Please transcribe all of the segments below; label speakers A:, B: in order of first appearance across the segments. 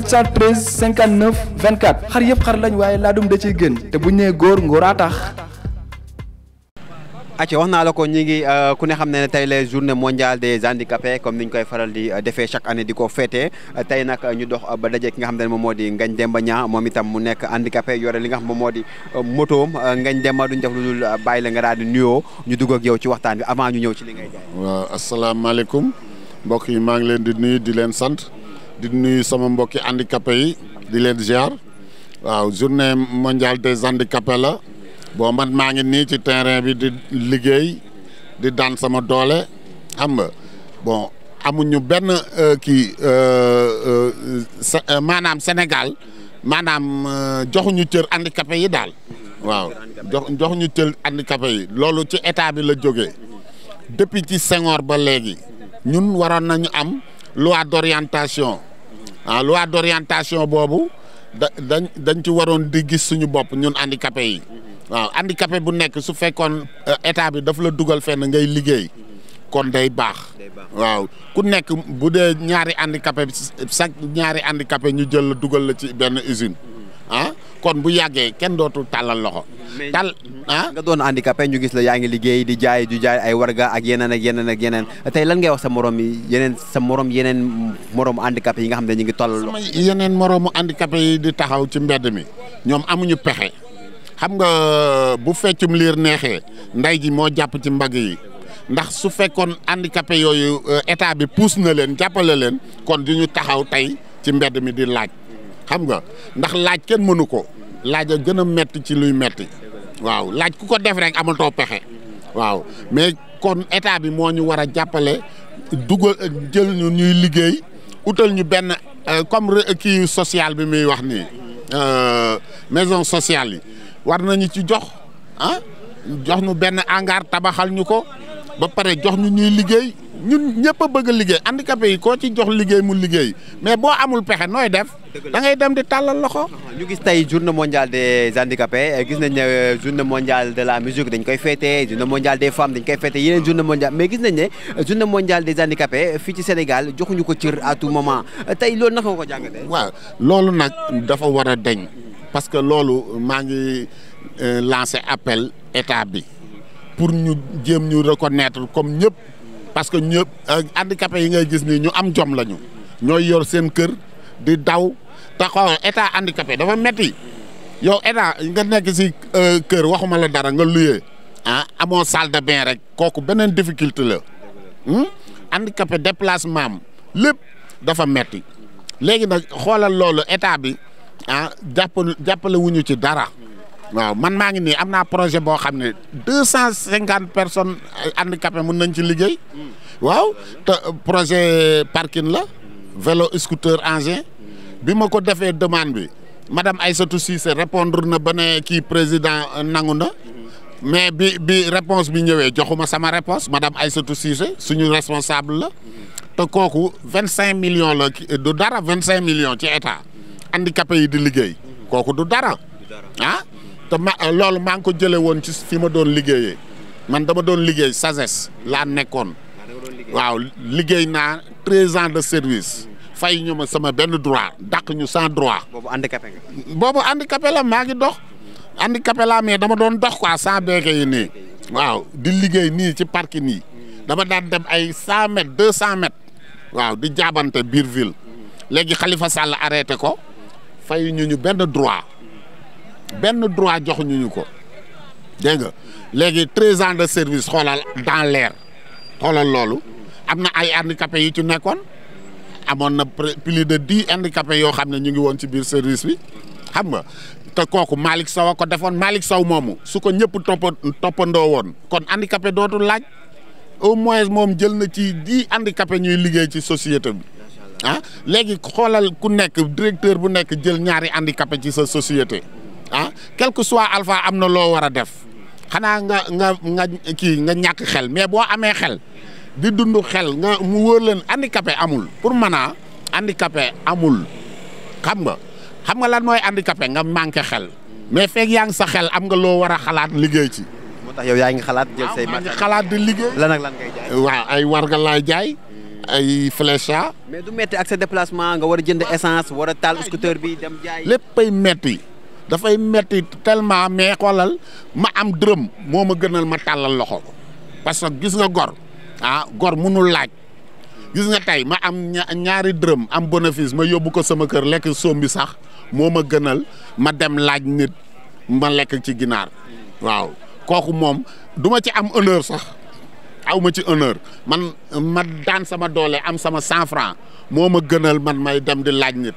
A: 413 59 24 xar yëpp xar lañ waaye laadum da ciy gën te bu ñu nee góor ngóoraa tax.
B: acca wax naa la ko ñu ngi euh, ku ne xam ne tey la journée mondiale des handicapés comme ni ñu koy faral di euh, defee chaque année di ko féetee euh, tey nag ñu dox ba daje ki nga xam ne moom moo di Ngagne Demba Niang moom itam mu nekk handicapé yore li nga xam moom moo di motoom Ngagne Demba duñ def lu dul bàyyi la nga di nuyoo ñu dugg yow ci waxtaan bi avant ñu ñëw ci li ngay jaay. waaw asalaamaaleykum mbokk yi maa ngi leen di di leen sant. di nuyu sama mbokki handicapé yi di leen ziar waaw journée mondiale des handicapés la boo man maa ngi nii ci terrain bi di liggéey di daan sama doole xam nga bon amuñu benn euh, kii euh, euh, maanaam Sénégal maanaam joxuñu cër handicapé yi daal waaw jox joxuñu cër handicapé yi loolu ci état bi la jógee dépuis ci Senghor ba léegi ñun waroon nañu am loi d'orientation ah loi d'orientation boobu da dañ dañ ci waroon di gis suñu bopp ñun handicapé yi waaw handicapé bu nekk su fekkoon euh, état bi daf la dugal fenn ngay liggéey kon day baax. waaw ku nekk bu dee ñaari handicapé chaque ñaari handicapé ñu jël la dugal la ci benn usine. kon bu yàggee kenn dootul tàllal loxo. tal ah nga doon handicapé ñu gis la yaa ngi liggéey di jaay di jaay ay warga ak yeneen ak yeneen ak yeneen tey lan ngay wax sa moroom yi yeneen sa morom yeneen moromu handicapé yi nga xam ne ñu ngi tollal loxo. yeneen moromu di taxaw ci mbedd mi ñoom amuñu pexe xam nga bu feccum liir neexee ndey ji moo jàpp ci mbagg yi. ndax su fekkoon handicapé yooyu euh, état bi pousse na leen jàppale leen kon du ñu taxaw tey ci mbedd mi di laaj xam nga ndax laaj kenn mënu ko laaj a gën a metti ci luy metti waaw laaj ku ko def rek amatoo pexe waaw mais kon état bi moo ñu war a jàppale dugal jël ñu ñuy liggéey utal ñu benn euh, comme kii social bi muy wax nii euh, maison sociale yi war nañu ci jox ah jox nu benn hangar tabaxal ñu ko ba pare jox ñu ñuy liggéey ñun ñëpp a bëgg a liggéey handicapé yi koo ci jox liggéey mu liggéey mais boo amul pexe nooy def da dem di tàllal loxo. ñu gis tey journée mondiale des handicapés eh, gis nañ ne euh, journée mondiale de la musique dañ koy féetee journée mondiale des femmes dañ koy féetee yeneen journée mondiale gis nañ ne euh, journée mondiale des handicapés euh, fii ci Sénégal joxuñu ko cër à tout moment tey loolu naka ko jàngatee. waaw loolu nag dafa war a deñ parce que loolu maa ngi lancer appel état bi pour ñu jéem ñu reconnaître comme ñëpp. parce que ñëpp euh, handicapé yi ngay gis nii ñu am jom lañu ñooy yor seen kër di daw te xool état handicapé dafa metti yow état nga nekk si euh, kër waxuma la dara nga luyee ah amoo salle de bain rek kooku beneen difficulté la hmm? handicapé déplacement am lépp dafa metti léegi nag xoolal loolu état bi ah jàpp jàppale wuñu ci dara waaw man maa ngi nii am naa projet boo xam ne deux cent cinquante personnes handicapées mën nañ ci liggéey waaw te projet parking la vélo scooter engin bi ma ko defee demande bi madame Aïssatou Cissé répondre na ba ne kii président nangu na mais bi bi réponse bi ñëwee joxuma sama réponse madame Aïssatou Cissé suñu responsable la te kooku vingt cinq millions la du dara vingt cinq millions ci état handicapé yi di liggéey kooku du dara ah te ma euh, loolu maa ngi ko jëlee woon ci fi ma doon liggéeyee man dama doon liggéey SACES laa nekkoon waaw liggéey naa treize ans de service fay ñu ma sama benn droit dàq ñu sans droit. boobu handicapé nga. boobu handicapé la maa ngi dox. handicapé la mais dama doon dox quoi sans beeke yi nii. waaw di liggéey nii ci parking nii dama daan dem ay cent mètres deux cent mètres. waaw di jaabante biir ville. léegi Khalifa Sall arrêté ko. fay ñu ñu benn droit. benn droit joxuñu ñu ko dégg nga léegi treize ans de service xoolal dans l'air xoolal loolu am na ay handicapés yu cu nekkoon amoon na plus de dix handicapés yoo xam ne ñu ngi woon ci biir service bi xam nga te kooku Malick Sow a ko defoon Malick Sow moomu su ko ñëpp toppa toppandoo woon kon handicapé dootul laaj au moins moom jël na ci dix handicapé ñuy liggéey ci société bi ah léegi xoolal ku nekk directeur bu nekk jël ñaari handicapé ci sa société ah quel que soit alpha am na loo war a def xanaa nga nga nga kii nga ñàkk xel mais boo amee xel di dund xel nga mu wóor leen andi handicapé amul pour mën a ah, handicapé amul xam nga xam nga lan mooy handicapé nga manqué xel mais feeg yaa ngi sa xel am nga loo war a xalaat liggéey ci. yow yaa ngi xalaat jël ah, say. maa xalaat di liggéey lan ak lan waaw ay warga laay jaay. ay flèche mais du metti ak sa déplacement nga war a jënd essence war a taal scooter bi dem jaay. léppay metti dafay metti tellement mais xoolal ma am dërëm moo ma gënal ma tàllal loxo parce que gis nga gor ah gor munul laaj gis nga tey ma am ñaari dërëm am bénéfice ma yóbbu ko sama kër lekk sombi sax moo ma gënal ma dem laaj nit ma lekk ci ginaar waaw kooku moom duma ci am honneur sax aw ma ci honneur man ma daan sama doole am sama cent franc moo ma gënal man may dem di laaj nit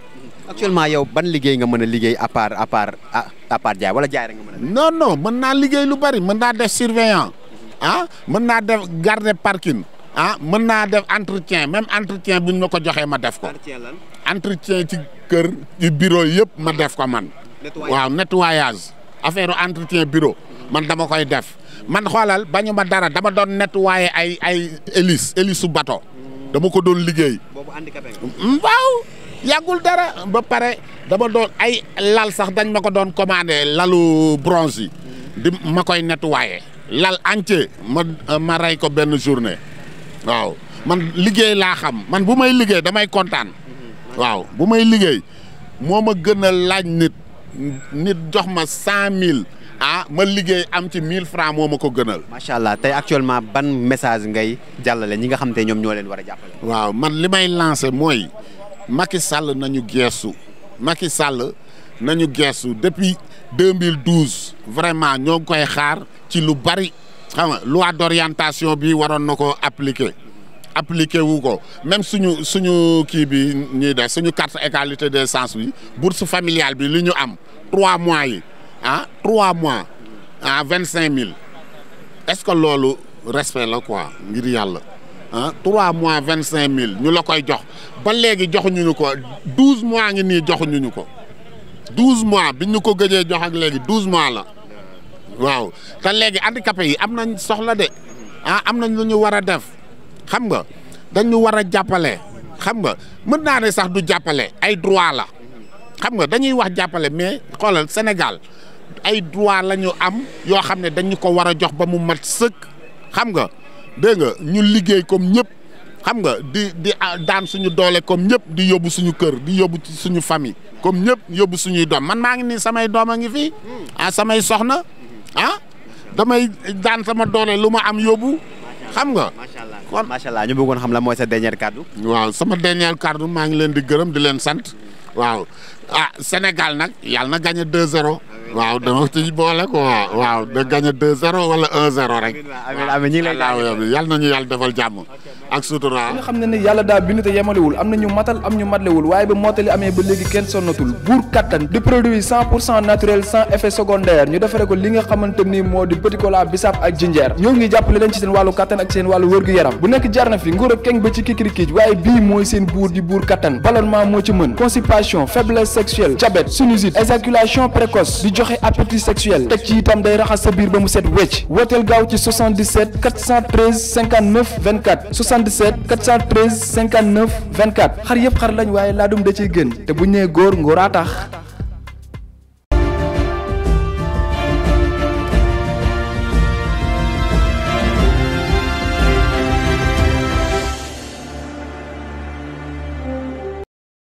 B: actuellement yow ban liggéey nga mën a liggéey à part à part à wala jaay rek nga mën a. non non mën naa liggéey lu bari mën naa def surveillant ah mën naa def garde parking ah mën naa def entretien même entretien bu ñu ma ko joxee ma def ko. entretien ci kër ci bureau yëpp ma def ko man. waaw nettoyage affaire entretien bureau man dama koy def man xoolal bañu ma dara dama doon nettoyer ay ay hélice hélice su bato dama ko doon liggéey. boobu yàggul dara ba pare dama doon ay lal sax dañ ma ko doon commandé lalu bronze yi di ma koy nettoyé lal entier ma euh, ma rey ko benn journée waaw man liggéey laa xam man bu may liggéey damay kontaan waaw bu may liggéey moo ma gën a laaj nit nit jox ma cent mille ah ma liggéey am ci mille francs moo ma ko gënal. macha allah tey actuellement ban message ngay jàllale ñi nga xam te ñoom ñoo leen war a jàppale. waaw man li may lancé mooy. Macky Sall nañu geesu Macky Sall nañu geesu depuis 2012 vraiment ñoo ngi koy xaar ci lu bari xam d'orientation bi waroon na ko appliquer appliquer wu ko même suñu suñu kii bi ñuy def suñu carte égalité des chances bi bourse familiale bi li ñu am trois mois yi ah trois mois ah vingt cinq mille est-ce que loolu respect la quoi ngir yàlla. ah trois mois vingt cinq mille ñu la koy jox ba léegi joxuñu ñu ko douze mois ngi nii joxuñu ñu ko douze mois bi ñu ko gëjee jox ak léegi douze mois la waaw te léegi handicapé yi am nañ soxla de ah am nañ lu ñu war a def xam nga dañu war a jàppale xam nga mën naa ne sax du jàppale ay droit la xam nga dañuy wax jàppale mais xoolal Sénégal ay droit la ñu am yoo xam ne dañu ko war a jox ba mu mat sëkk xam nga dégg nga ñun liggéey comme ñëpp xam nga di di daan suñu doole comme ñëpp di yóbbu suñu kër di yóbbu suñu famille comme ñëpp yóbbu suñuy doom man maa ngi nii samay doom a ngi fii ah samay soxna ah damay daan sama doole lu ma am yóbbu xam nga. kon macha allah ñu bëggoon xam la mooy sa dernier kàddu. waaw sama dernier kàddu maa ngi leen di gërëm di leen sant waaw. ah Sénégal nag yàlla na gagné 2-0. waaw dama ci boole ko waaw da gagné 2-0 wala 1-0 rek. amiin amiin ñu ngi defal jàmm. ak sutura. nga
A: xam ne ni yàlla daa bind te yemalewul am na ñu matal am ñu matlewul waaye ba mottali amee ba léegi kenn sonnatul buur kattan di produit cent pour cent naturel sans effet secondaire ñu defare ko li nga xamante ni moo di petit cola bisaab ak jinjeer ñoo ngi jàppale leen ci seen wàllu kattan ak seen wàllu sexuelle diabète sinusite éjaculation précoce di joxe appétit sexuel teg ci itam day raxas sa biir ba mu set wecc wooteel gaaw ci 77 413 59 24 77 413 59 24 xar yëpp xar lañ waaye laa dum da ciy gën te bu ñu nee góor ngóoraa